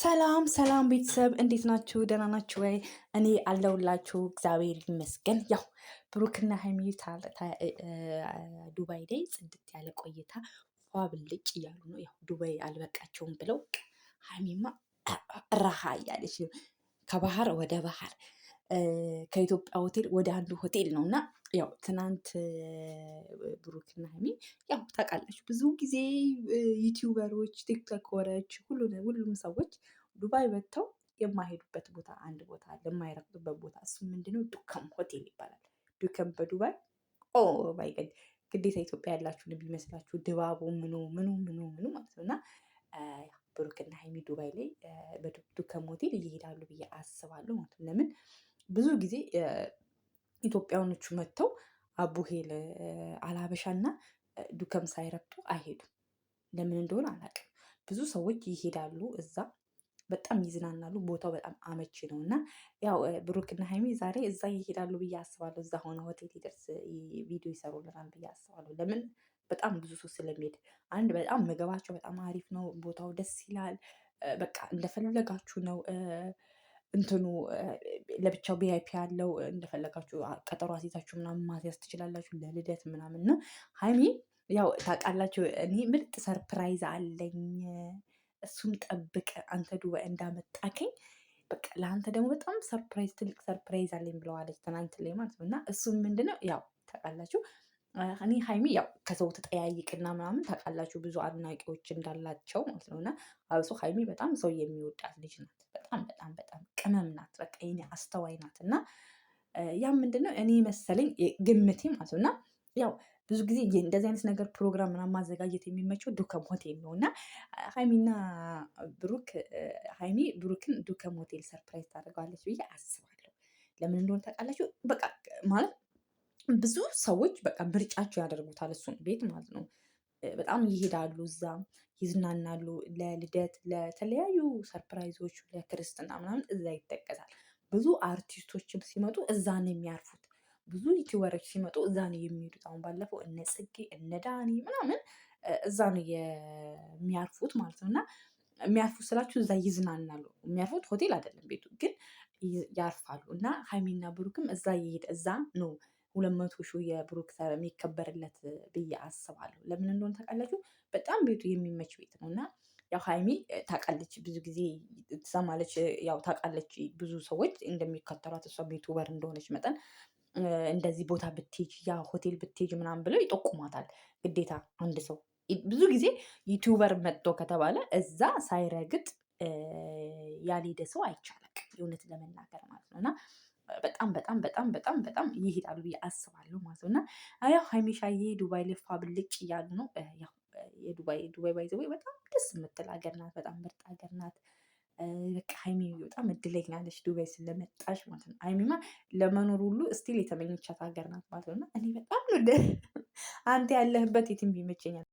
ሰላም ሰላም ቤተሰብ እንዴት ናችሁ? ደህና ናችሁ ወይ? እኔ አለሁላችሁ እግዚአብሔር ይመስገን። ያው ብሩክና ሀይሚ ዱባይ ላይ ጽድት ያለ ቆይታ ፏ ብልጭ እያሉ ነው። ያው ዱባይ አልበቃቸውም ብለው ሀይሚማ ረሃ እያለች ከባህር ወደ ባህር ከኢትዮጵያ ሆቴል ወደ አንዱ ሆቴል ነው እና ያው ትናንት ብሩክና ሀይሚ ያው ታውቃላችሁ፣ ብዙ ጊዜ ዩቲዩበሮች፣ ቲክቶከሮች ሁሉም ሰዎች ዱባይ ወጥተው የማይሄዱበት ቦታ አንድ ቦታ አለ፣ የማይረግጡበት ቦታ እሱ ምንድነው? ዱከም ሆቴል ይባላል። ዱከም በዱባይ ኦ ማይገድ ግዴታ ኢትዮጵያ ያላችሁን ቢመስላችሁ ድባቡ ምኑ ምኑ ምኑ ምኑ ማለት ነው እና ብሩክና ሀይሚ ዱባይ ላይ በዱከም ሆቴል እየሄዳሉ ብዬ አስባለሁ ማለት ለምን ብዙ ጊዜ ኢትዮጵያውኖቹ መጥተው አቡሄል አላበሻና ዱከም ሳይረግጡ አይሄዱም። ለምን እንደሆነ አላውቅም። ብዙ ሰዎች ይሄዳሉ እዛ በጣም ይዝናናሉ። ቦታው በጣም አመቺ ነው እና ያው ብሩክና ሀይሚ ዛሬ እዛ ይሄዳሉ ብዬ አስባለሁ። እዛ ሆነ ሆቴል ይደርስ ቪዲዮ ይሰሩልናል ብዬ አስባለሁ። ለምን በጣም ብዙ ሰው ስለሚሄድ፣ አንድ በጣም ምግባቸው በጣም አሪፍ ነው። ቦታው ደስ ይላል። በቃ እንደፈለጋችሁ ነው። እንትኑ ለብቻው ቪአይፒ ያለው እንደፈለጋችሁ ቀጠሮ አስይዛችሁ ምናምን ማስያዝ ትችላላችሁ። ለልደት ምናምን እና ሀይሚ ያው ታውቃላችሁ፣ እኔ ምርጥ ሰርፕራይዝ አለኝ። እሱም ጠብቅ አንተ ዱባይ እንዳመጣከኝ በቃ ለአንተ ደግሞ በጣም ሰርፕራይዝ ትልቅ ሰርፕራይዝ አለኝ ብለዋለች ትናንት ላይ ማለት ነው። እና እሱም ምንድነው ያው ታውቃላችሁ እኔ ሀይሚ ያው ከሰው ተጠያይቅና ምናምን ታውቃላችሁ ብዙ አድናቂዎች እንዳላቸው ማለት ነው። እና አብሶ ሀይሚ በጣም ሰው የሚወዳት ልጅ ናት። በጣም በጣም በጣም ቅመም ናት። በቃ የኔ አስተዋይ ናት። እና ያም ምንድነው እኔ መሰለኝ ግምቴ ማለት ነው። እና ያው ብዙ ጊዜ እንደዚህ አይነት ነገር ፕሮግራም ምናምን ማዘጋጀት የሚመቸው ዱከም ሆቴል ነው እና ሀይሚና ብሩክ ሀይሚ ብሩክን ዱከም ሆቴል ሰርፕራይዝ ታደርገዋለች ብዬ አስባለሁ። ለምን እንደሆነ ታውቃላችሁ? በቃ ማለት ብዙ ሰዎች በቃ ምርጫቸው ያደርጉታል እሱን ቤት ማለት ነው። በጣም ይሄዳሉ እዛ ይዝናናሉ። ለልደት ለተለያዩ ሰርፕራይዞች ለክርስትና ምናምን እዛ ይጠቀሳል። ብዙ አርቲስቶችም ሲመጡ እዛ ነው የሚያርፉት። ብዙ ዩቲዩበሮች ሲመጡ እዛ ነው የሚሄዱት። አሁን ባለፈው እነ ጽጌ እነ ዳኒ ምናምን እዛ ነው የሚያርፉት ማለት ነው። እና የሚያርፉት ስላችሁ እዛ ይዝናናሉ የሚያርፉት ሆቴል አይደለም ቤቱ ግን ያርፋሉ። እና ሀይሚና ብሩክም እዛ ይሄድ እዛ ነው ሁለት መቶ ሺህ የብሩክ የሚከበርለት ብዬ አስባለሁ። ለምን እንደሆነ ታውቃላችሁ? በጣም ቤቱ የሚመች ቤት ነው እና ያው ሀይሚ ታውቃለች፣ ብዙ ጊዜ ትሰማለች፣ ያው ታውቃለች። ብዙ ሰዎች እንደሚከተሏት እሷ ቤቱ በር እንደሆነች መጠን እንደዚህ ቦታ ብትሄጅ ያ ሆቴል ብትሄጅ ምናምን ብለው ይጠቁማታል ግዴታ። አንድ ሰው ብዙ ጊዜ ዩቱበር መጥቶ ከተባለ እዛ ሳይረግጥ ያልሄደ ሰው አይቻልም፣ እውነት ለመናገር ማለት ነው እና በጣም በጣም በጣም በጣም በጣም ይሄዳሉ ብዬ አስባለሁ ማለት ነው። እና ያው ሀይሚሻዬ ዱባይ ልፋ ብልጭ እያሉ ነው። ያው የዱባይ ዱባይ ባይዘ ወይ በጣም ደስ የምትል ሀገር ናት። በጣም ምርጥ ሀገር ናት። በቃ ሀይሚ በጣም እድለኛ ነች ዱባይ ስለመጣሽ ማለት ነው። ሀይሚማ ለመኖር ሁሉ እስቲል የተመኘቻት ሀገር ናት ማለት ነው። እና እኔ በጣም ነው አንተ ያለህበት የትም ቢመቸኛል።